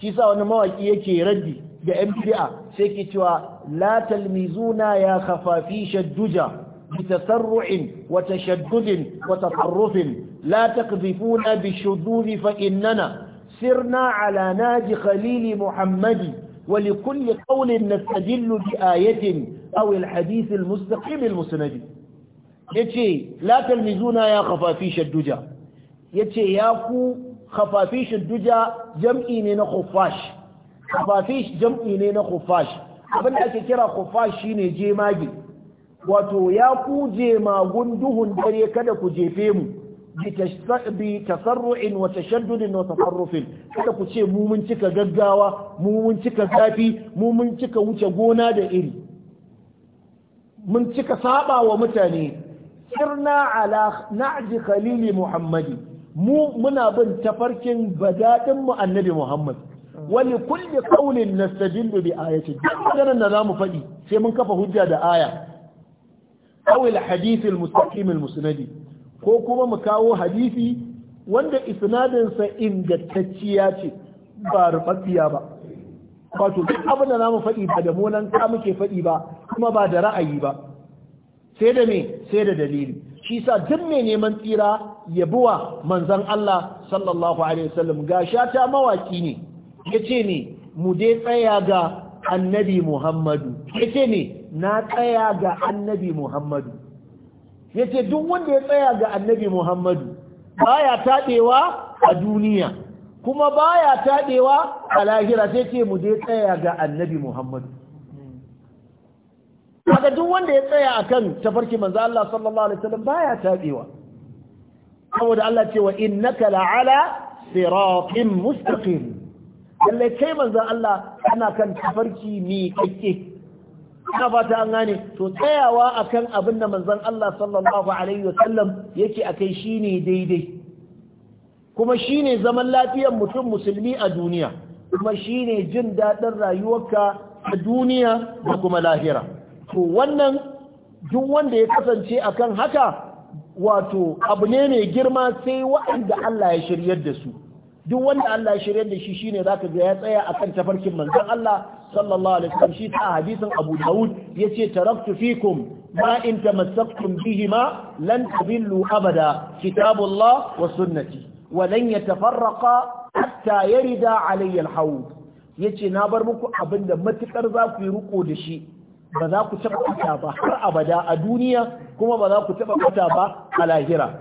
shi sa wani mawaki yake raddi ga yan bid'a sai ke cewa la talmizuna ya khafafi shadduja بتسرع وتشدد وتطرف لا تقذفونا بالشذوذ فإننا سرنا على ناج خليل محمد ولكل قول نستدل بآية أو الحديث المستقيم المسند يتشي لا تلمزونا يا خفافيش الدجا يتشي ياكو خفافيش الدجا جمعيني نخفاش خفافيش جمعيني نخفاش أبنى كيرا خفاش شيني جيماجي wato ya kuje magun duhun dare kada ku jefe mu bi tasarru'in wa tashaddudin wa tafarrufin kada ku ce mu mun cika gaggawa mu mun cika zafi mu mun cika wuce gona da iri mun cika saba wa mutane sirna ala na'ji khalili muhammadi mu muna bin tafarkin badadin mu annabi muhammad wani kulli qawlin nastadillu bi ayati duk maganar da zamu faɗi sai mun kafa hujja da aya awil hadithil mustaqim musnadi ko kuma mu kawo hadisi wanda isnadinsa ingantacciya ce ba rubabbiya ba wato duk abin da zamu faɗi ba da munan ka muke faɗi ba kuma ba da ra'ayi ba sai da me sai da dalili shi sa duk mai neman tsira ya buwa manzon Allah sallallahu alaihi wasallam ga shata mawaki ne yace ne mu dai tsaya ga annabi Muhammadu yace ne na tsaya ga annabi muhammadu ya ce duk wanda ya tsaya ga annabi muhammadu baya taɗewa a duniya kuma baya taɗewa a lahira sai ce mu dai tsaya ga annabi muhammadu haka duk wanda ya tsaya akan tafarki manzo Allah sallallahu alaihi wasallam taɗewa saboda Allah ce wa inna la'ala siratin mustaqim lalle kai manzo Allah ana kan tafarki mi kake Ana fata an gane to tsayawa akan abin da manzon Allah sallallahu alaihi wasallam yake shi shine daidai kuma ne zaman lafiyar mutum musulmi a duniya kuma ne jin daɗin rayuwarka a duniya da kuma lahira to wannan duk wanda ya kasance akan haka wato abu ne mai girma sai waɗanda Allah ya shiryar da su duk wanda Allah ya shiryar da shi shine zaka ga ya tsaya akan tafarkin manzon Allah sallallahu alaihi wasallam shi ta hadisin Abu Dawud yace taraktu fikum ma in tamassaktum bihima lan tadillu abada kitabullah wa sunnati wa lan yatafarraqa hatta yarida alayya al yace na bar muku abinda matukar za ku yi riko da shi ba za ku taba kuta ba har abada a duniya kuma ba za ku taba kuta ba a lahira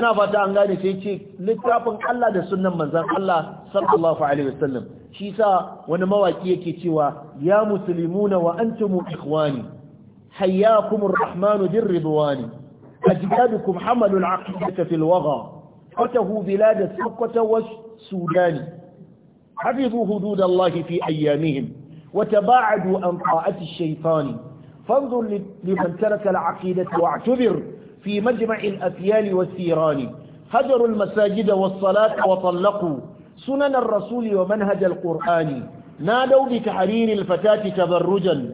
ina fata an gane sai ce littafin Allah da sunnan manzon Allah sallallahu alaihi wasallam shi sa wani mawaki yake cewa ya muslimuna wa antum ikhwani hayyakum arrahman bir ridwani ajdadukum hamalu al-aqidata fil wagha fatahu bilad wa sudani hudud allah as-sukkata was-sudan حفظوا حدود الله في أيامهم وتباعدوا عن طاعة الشيطان فانظر لمن ترك العقيدة واعتبر في مجمع الأفيال والثيران هجروا المساجد والصلاة وطلقوا سنن الرسول ومنهج القرآن نادوا بتحرير الفتاة تبرجا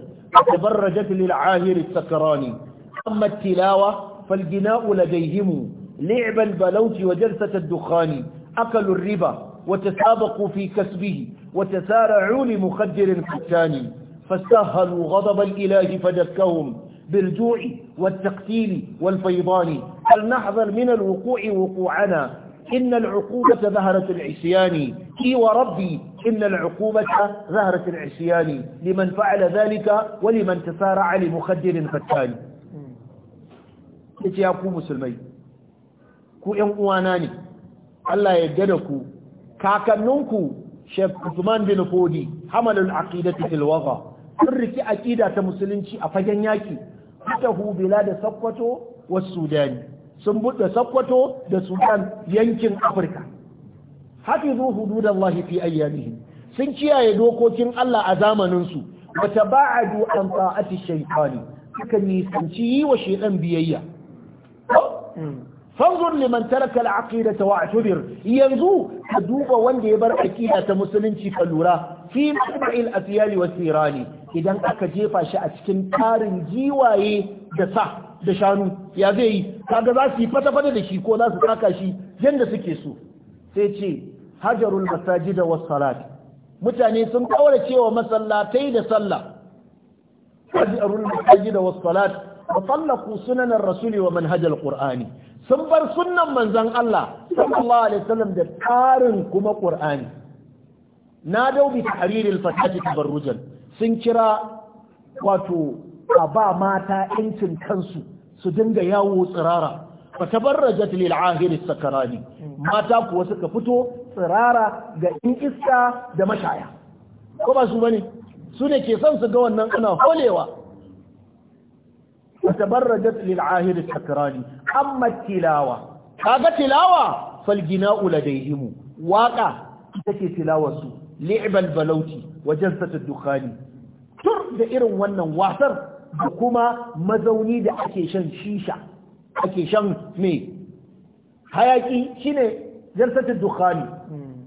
تبرجت للعاهر السكران أما التلاوة فالجناء لديهم لعب البلوت وجلسة الدخان أكلوا الربا وتسابقوا في كسبه وتسارعوا لمخدر فتان فاستهلوا غضب الإله فدكهم بالجوع والتقتيل والفيضان فلنحذر من الوقوع وقوعنا إن العقوبة ظهرت العصيان إي وربي إن العقوبة ظهرت العصيان لمن فعل ذلك ولمن تسارع لمخدر فتان يا كو مسلمي كو ƴan uwana ne Allah ya yarda da ku kakanninku Sheikh Usman bin Fodi hamalul aqidati fil waqa sun riki aqida ta musulunci a fagen yaki Hubila da Sokoto wa Sudani. sun buɗe Sakwato da Sudan yankin Afirka hafizu hududallahi fi ayyamihim sun kiyaye dokokin Allah a zamanin su wa taba'adu an ta'ati shaytani suka nisanci yi wa shaytan biyayya fanzur liman taraka al wa atubir yanzu ka duba wanda ya bar aqida ta musulunci ka lura fi mab'il asiyali wa sirani idan aka jefa shi a cikin tarin giwaye da sa da shanu ya zai yi kaga za su yi fata-fata da shi ko za su taka shi yadda suke so sai ce hajarul da Wasu salat mutane sun kawar cewa masallatai da sallah hajarul masaji da Wasu wa tallaqu sunan sunanar rasuli wa manhajar ƙur'ani sun bar sunan manzan Allah sallallahu alaihi wasallam da tarin kuma ƙur'ani na daubi bi tahriril fatati tabarrujan sun kira wato a ba mata 'yancin kansu su dinga yawo tsirara fa tabarrajat lil ahir sakarani mata kuwa suka fito tsirara ga in iska da mashaya ko ba su bane su ne ke son su ga wannan ana holewa fa tabarrajat lil ahir sakarani amma tilawa kaga tilawa fal gina'u ladayhim waqa take tilawarsu li'bal balauti wa jalsatu dukhani tur da irin wannan wasar da kuma mazauni da ake shan shisha ake shan me hayaki shine jalsatul dukhani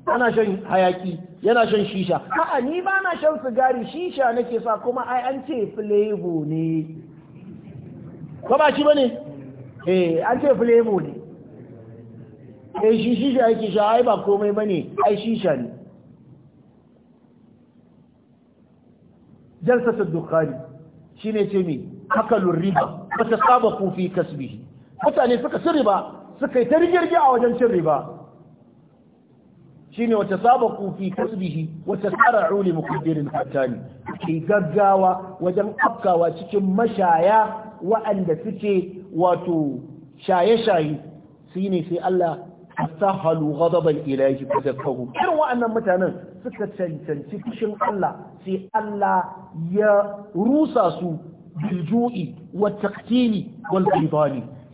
ana shan hayaki yana shan shisha a'a ni ba na shan sigari shisha nake sa kuma ai an ce flavor ne ko ba shi bane eh an ce flavor ne eh shi shisha yake sha ai ba komai bane ai shisha ne jalsatul dukhani shine ce mi akalur riba wata sabaku fi kasbihi mutane suka ci riba suka yi ta rigirgi a wajen cin riba shine wata sabaku fi kasbihi wata sara'u li muqaddirin hatani Ke gaggawa wajen afkawa cikin mashaya wa'anda suke wato shaye-shaye shine sai Allah astahalu ghadaban ilahi fa irin wa'annan mutanen suka cancanci fushin Allah sai Allah ya rusa su bilju'i wa taqtili wal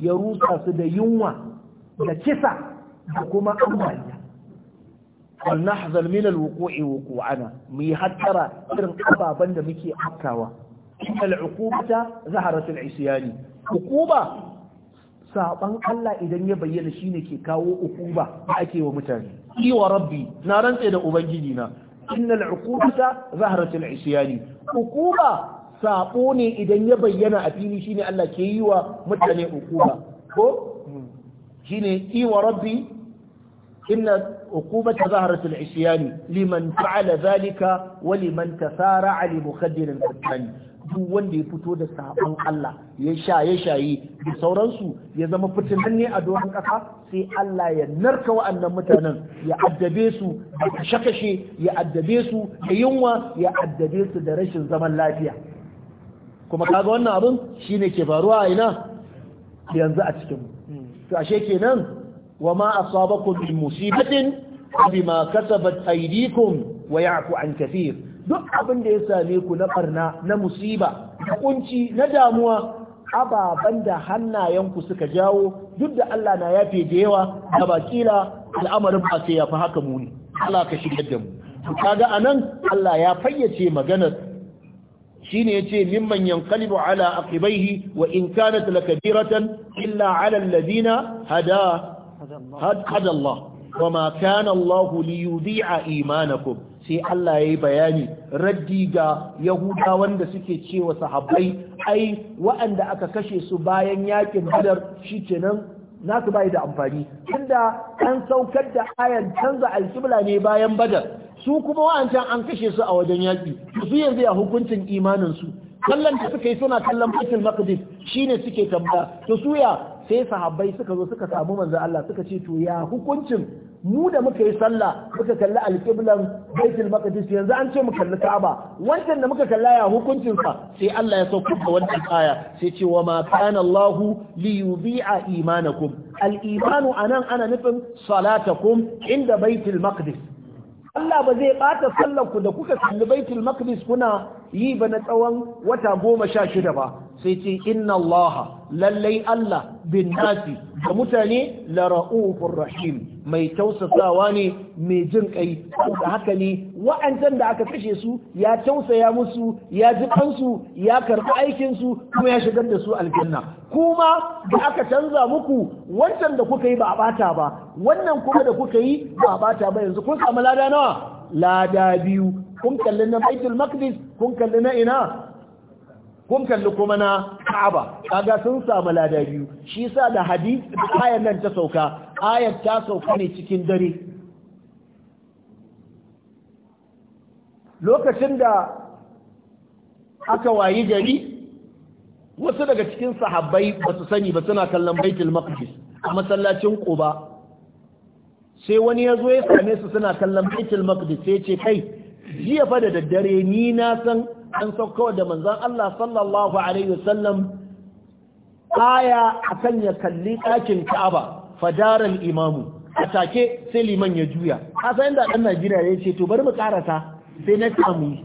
ya rusa su da yunwa da kisa da kuma ambaliya wal nahzal min al wuqu'i wuqu'ana mi hattara irin ababan da muke afkawa al uqubata zaharat al isyani uquba saban Allah idan ya bayyana shine ke kawo ukuba da ake wa mutane iwa rabbi na rantse da ubangiji na innal uqubata isyani ukuba sabo ne idan ya bayyana a fili shine Allah ke yi wa mutane ukuba ko shine iwa rabbi inna uqubata zahrat isyani liman fa'ala dhalika wa liman tasara'a li mukhaddirin fatani duk wanda ya fito da sabon Allah ya shaye shaye da sauransu ya zama fitinan ne a doron ƙasa sai Allah ya narka wa'annan mutanen ya addabe su da kashe-kashe ya addabe su da yunwa ya addabe su da rashin zaman lafiya kuma kaga wannan abin shine ke faruwa a ina yanzu a cikin to ashe kenan wa ma asabakum min musibatin bima kasabat aydikum wa ya'fu an kathir duk abin da ya same ku na barna na musiba da kunci na damuwa ababen da hannayenku suka jawo duk da Allah na yafe da yawa da ba kila al'amarin ba sai ya fi haka muni Allah ka shigar da mu kaga anan Allah ya fayyace maganar shine yace mimman yanqalibu ala aqibaihi wa in kanat lakabiratan illa ala alladhina hada hada Allah wa ma kana Allahu li yudhi'a imanakum sai Allah yayi bayani raddi ga Yahuda wanda suke cewa sahabbai ai waɗanda aka kashe su bayan yakin Badar shikenan nasu bai da amfani tunda an saukar da ayan canza alkibla ne bayan Badar su kuma wa'ancan an kashe su a wajen yaki su yanzu ya hukuncin imanin su kallon da suka yi suna kallon Baitul Maqdis shine suke tambaya to suya sai sahabbai suka zo suka samu manzo Allah suka ce to ya hukuncin mu da muka yi sallah muka kalli alƙiblan baitul maqdis yanzu an ce mu kalli Ka'aba wancan da muka kalla ya hukuncin sa sai Allah ya sauko da wannan aya sai ce wa ma kana Allah li yudhi'a imanakum al-imanu anan ana nufin salatakum inda baitul maqdis Allah ba zai bata sallar ku da kuka kalli baitul maqdis kuna yi ba na tsawon wata goma sha shida ba sai ce inna Allaha, lallai Allah bin nasi ga mutane la ra'ufur rahim mai tausasawa ne mai jin kai da haka ne wa'ancan da aka kashe su ya tausaya musu ya ji kansu ya karɓi aikin su kuma ya shigar da su aljanna kuma da aka canza muku wancan da kuka yi ba a bata ba wannan kuma da kuka yi ba a bata ba yanzu kun samu lada nawa lada biyu kun kalli na baitul maqdis kun kalli na ina kun kalli kuma na Ka'aba kaga sun samu lada biyu shi yasa da hadisi ayar nan ta sauka ayar ta sauka ne cikin dare lokacin da aka wayi gari wasu daga cikin sahabbai ba su sani ba suna kallon baitul maqdis a masallacin quba sai wani ya zo ya same su suna kallon baitul maqdis sai ce kai jiya fa da daddare ni na san an saukowa da manzon Allah sallallahu alaihi wasallam aya akan ya kalli ɗakin Ka'aba fadaral imamu a take sai liman ya juya a san ɗan dan Najeriya ya ce to bari mu karasa sai na samu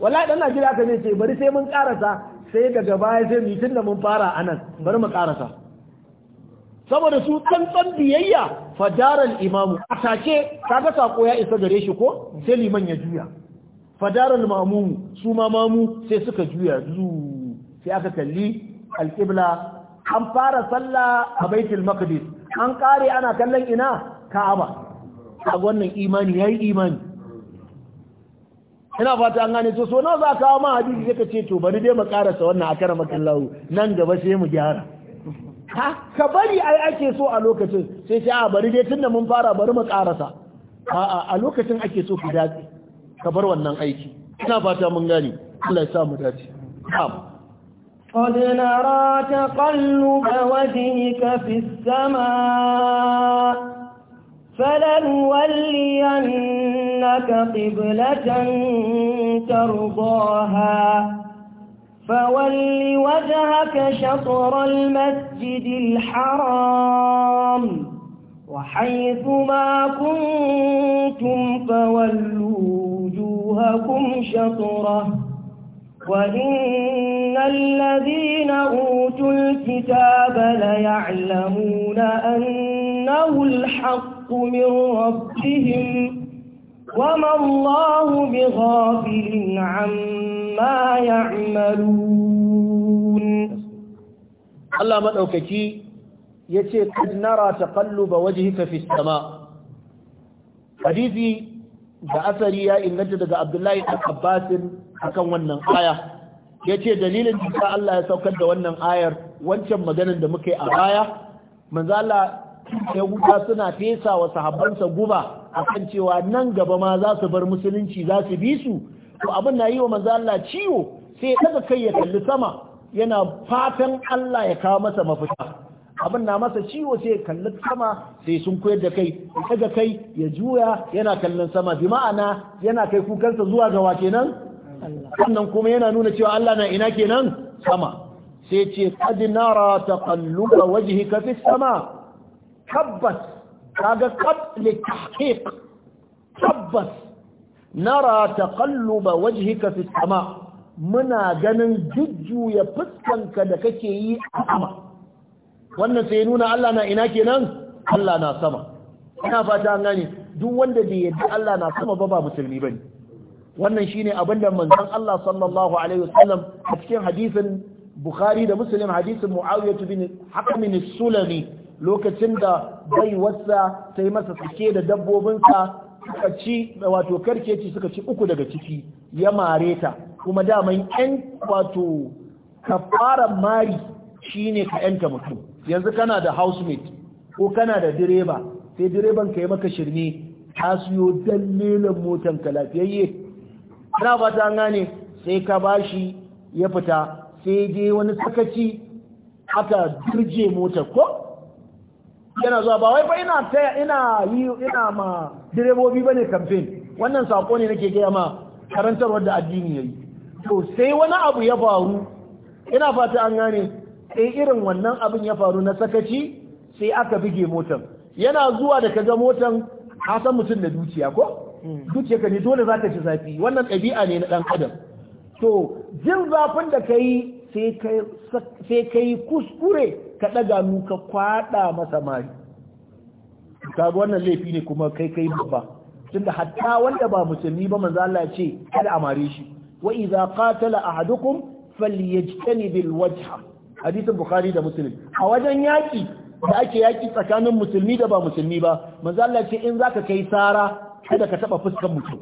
wallahi dan Najeriya ka zai ce bari sai mun karasa sai daga baya sai mu tunda mun fara anan bari mu karasa saboda su tsantsan biyayya fadaral imamu a take kaga sako ya isa gare shi ko sai liman ya juya fadaral mamu su ma mamu sai suka juya zu sai aka kalli alƙibla an fara sallah a baitul maqdis an kare ana kallon ina ka'aba a wannan imani yayi imani ina fata an gane to so nawa za ka kawo ma hadisi sai ka ce to bari dai mu karasa wannan a karama kallahu nan gaba sai mu gyara ha ka bari ai ake so a lokacin sai sai a bari dai tunda mun fara bari mu karasa a a lokacin ake so ku dace ka bar wannan aiki ina fata mun gani Allah ya sa mu dace am qad nara taqalluba wajhika fis sama falan walliyannaka qiblatan tarbaha فولي وجهك شطر المسجد الحرام وحيثما كنتم فولوه وجوهكم شطرة وإن الذين أوتوا الكتاب ليعلمون أنه الحق من ربهم وما الله بغافل عما يعملون الله مدوكي yace kad نرى تقلب وجهك في السماء حديثي da asari ya inganta daga abdullahi ɗan abbasin akan wannan aya ya ce dalilin da Allah ya saukar da wannan ayar wancan maganin da muka yi a baya manzo Allah ya suna fesa wa sahabbansa guba akan cewa nan gaba ma za su bar musulunci za su bi su to abin na yi wa manzo Allah ciwo sai ya daga kai ya kalli sama yana fatan Allah ya kawo masa mafita abin na masa ciwo sai kalli sama sai sun koyar da kai ga kai ya juya yana kallon sama bi ma'ana yana kai kukansa zuwa ga kenan wannan kuma yana nuna cewa Allah na ina kenan sama sai ce qad nara taqalluba wajhika fi sama tabbas kaga qad li tahqiq tabbas nara taqalluba wajhika fi sama muna ganin jujjuya fuskanka da kake yi a sama wannan sai nuna Allah na ina kenan Allah na sama ina fata an gane duk wanda bai yadda Allah na sama ba ba musulmi bane wannan shine abin da manzon Allah sallallahu alaihi wasallam a cikin hadisin Bukhari da Muslim hadisin Muawiyah bin Hakim al-Sulami lokacin da bai wasa sai masa sake da dabbobinsa suka ci wato karkeci suka ci uku daga ciki ya mare ta kuma daman yan wato kafaran mari shine ka ƴanta mutum yanzu kana da housemate ko kana da direba sai direban ka yi maka shirme ka siyo dalilan motan ka lafiyayye ana ba ta gane sai ka bashi ya fita sai dai wani sakaci aka dirje motar ko yana zuwa ba wai ba ina taya ina yi ina ma direbobi ba ne kamfen. wannan sako ne nake gaya ma karantarwar da addini ya yi. to sai wani abu ya faru ina fata an gane sai irin wannan abin ya faru na sakaci sai aka bige motan yana zuwa da kaga motan a san mutum da dukiya ko hmm. dukiya ka ne dole za ka ci zafi wannan ɗabi'a ne na ɗan adam to jin zafin da ka yi sai ka kuskure ka ɗaga nu ka kwaɗa masa mari ka wannan laifi ne kuma kai kai babba tunda hatta wanda ba musulmi ba manzo Allah ce kada a mare shi wa idza qatala ahadukum falyajtanibil wajha hadisin bukhari da muslim a wajen yaki da ake yaki tsakanin musulmi da ba musulmi ba manzo ce in zaka kai sara kada ka taba fuskan mutum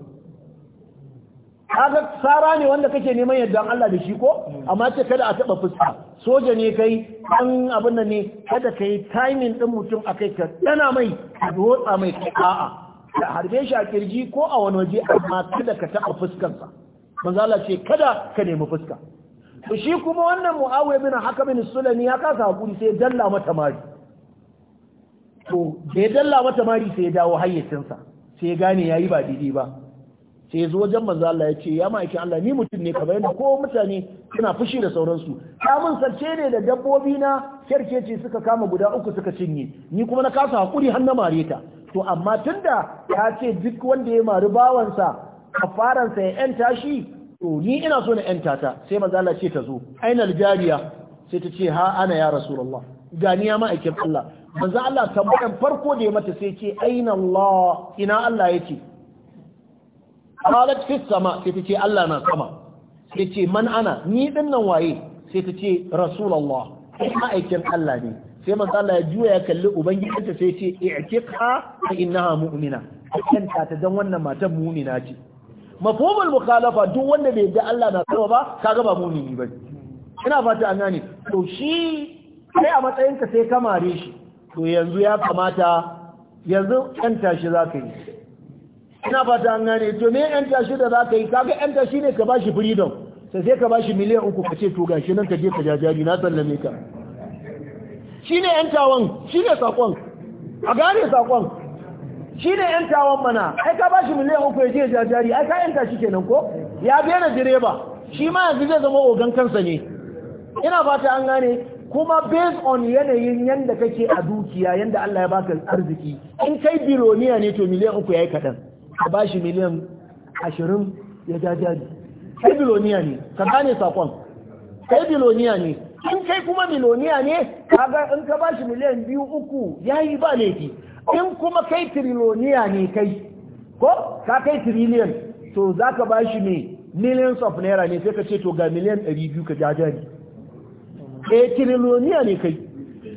kaga sara ne wanda kake neman yaddan Allah da shi ko amma ce kada a taba fuska soja ne kai dan abin nan ne kada kai timing din mutum akai ka dana mai ka rotsa mai a'a ka harbe shi a kirji ko a wani waje amma kada ka taba fuskansa sa ce kada ka nemi fuska to shi kuma wannan mu'awiya bin bin sulami ya kasa hakuri sai dalla mata mari to da ya dalla mata mari sai ya dawo hayyacinsa sai ya gane yayi ba daidai ba sai ya zo wajen manzo Allah ya ce ya ma'aikin Allah ni mutum ne kamar yadda ko mutane suna fushi da sauransu ta mun sarce ne da dabbobi na kerkeci suka kama guda uku suka cinye ni kuma na kasa hakuri har na mare ta to amma tunda ya ce duk wanda ya mari bawansa kafaransa ya 'yan tashi. to ni ina so na yanta ta sai manzo Allah ce ta zo ainal jariya sai ta ce ha ana ya rasulullah ganiya ma aikin Allah manzo Allah tambayan farko da ya mata sai ce aina Allah ina Allah yake qalat fi sama sai ta ce Allah na sama sai ce man ana ni din nan waye sai ta ce rasulullah ma aikin Allah ne sai manzo Allah ya juya ya kalli ubangijinta sai ce i'tiqa fa innaha mu'mina kanta ta dan wannan matan mu'mina ce mafhumul mukhalafa duk wanda bai ga Allah na sama ba kaga ba ne. bane ina fata an gane to shi sai a matsayin ka sai ka mare shi to yanzu ya kamata yanzu ɗan tashi za ka yi ina fata an gane to me ɗan tashi da za ka yi kaga ɗan tashi ne ka bashi freedom sai sai ka bashi miliyan uku ka ce to gashi nan ka je ka jajaji na sallame ka shine ɗan tawon shine sakon a gane sakon shi ne yantawan mana ai ka bashi miliyan uku ya ya jari, ai ka yanta shi kenan ko ya daina direba shi ma yanzu zai zama ogan kansa ne ina fata an gane kuma based on yanayin yanda kake a dukiya yanda Allah ya baka arziki in kai biloniya ne to miliyan uku yayi kadan ka bashi miliyan ashirin ya jajari kai biloniya ne ka gane sakon kai biloniya ne in kai kuma miloniya ne kaga in ka bashi miliyan biyu uku yayi ba laifi in kuma kai triloniya ne kai ko ka kai trillion to za ka ba shi ne millions of naira ne sai ka ce to ga miliyan 200 ka ne e eh, triloniya ne kai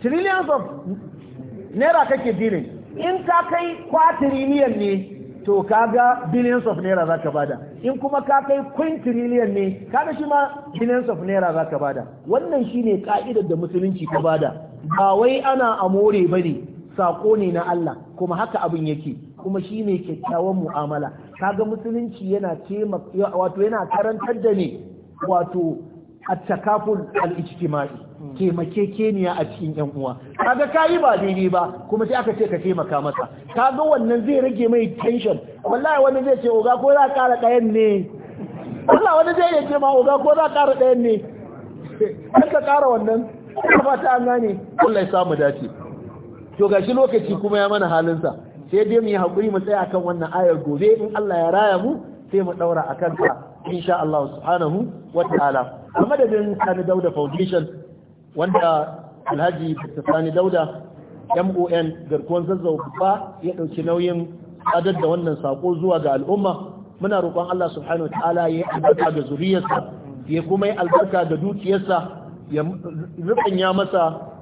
trillions of naira kake bilin in ka kai quadrillion ne to ka ga billions of naira za ka bada in kuma ka kai quintillion ne ka ga shi ma billions of naira za ka bada wannan shi ne ka'idar da musulunci ka bada ba wai ana amore ba ne. saƙo ne na Allah kuma haka abin yake kuma shi ne kyakkyawan mu'amala kaga musulunci yana wato yana karantar da ne wato a takaful al-ijtimai taimakekeniya a cikin yan uwa kaga kayi ba daidai ba kuma sai aka ce ka taimaka masa kaga wannan zai rage mai tension wallahi wani zai ce oga ko za ƙara ɗayan ne wallahi wani zai ce ma oga ko za ƙara ɗayan ne har ka ƙara wannan ba ta an gane wallahi samu dace to gashi lokaci kuma ya mana halinsa sai dai mu yi haƙuri mu tsaya kan wannan ayar gobe in Allah ya raya mu sai mu ɗaura a kanta insha Allah subhanahu wa ta'ala a madadin Sani Dauda Foundation wanda Alhaji Sani Dauda MON garkuwar zazzau ba ya ɗauki nauyin adar da wannan sako zuwa ga al'umma muna roƙon Allah subhanahu wa ta'ala ya albarka da zuriyarsa ya kuma yi albarka da dukiyarsa ya rubanya masa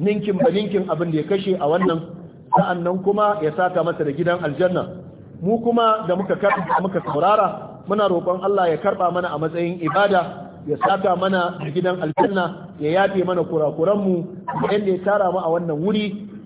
ninkin ba ninkin abin da ya kashe a wannan sa'annan kuma ya saka masa da gidan aljanna mu kuma da muka karɓa muka saurara muna roƙon Allah ya karɓa mana a matsayin ibada ya saka mana da gidan aljanna ya yafe mana kurakuranmu da yadda ya tara mu a wannan wuri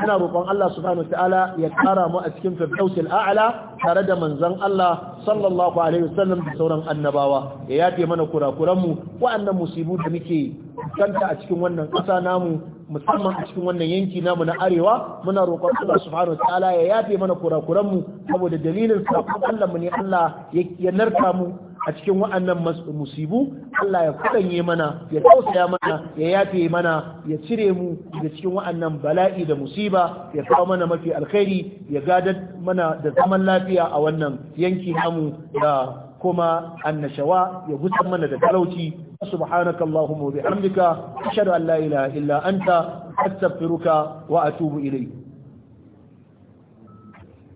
muna roƙon Allah subhanahu wataala ya kara mu a cikin firdausil a'la tare da manzon Allah sallallahu alaihi wasallam da sauran annabawa ya yafe mana kurakuran mu wa'annan musibu da muke kanta a cikin wannan ƙasa namu musamman a cikin wannan yanki namu na arewa muna roƙon Allah subhanahu wataala ya yafe mana kurakuran mu saboda dalilin sakon Allah mu ne Allah ya narka mu a cikin wa'annan musibu Allah ya kudanye mana ya tausaya mana ya yafe mana ya cire mu da cikin wa'annan bala'i da musiba ya kawo mana mafi alkhairi ya gadar mana da zaman lafiya a wannan yanki namu da kuma annashawa ya gusa mana da talauci subhanaka allahumma wa bihamdika ashhadu an la ilaha illa anta astaghfiruka wa atubu ilayk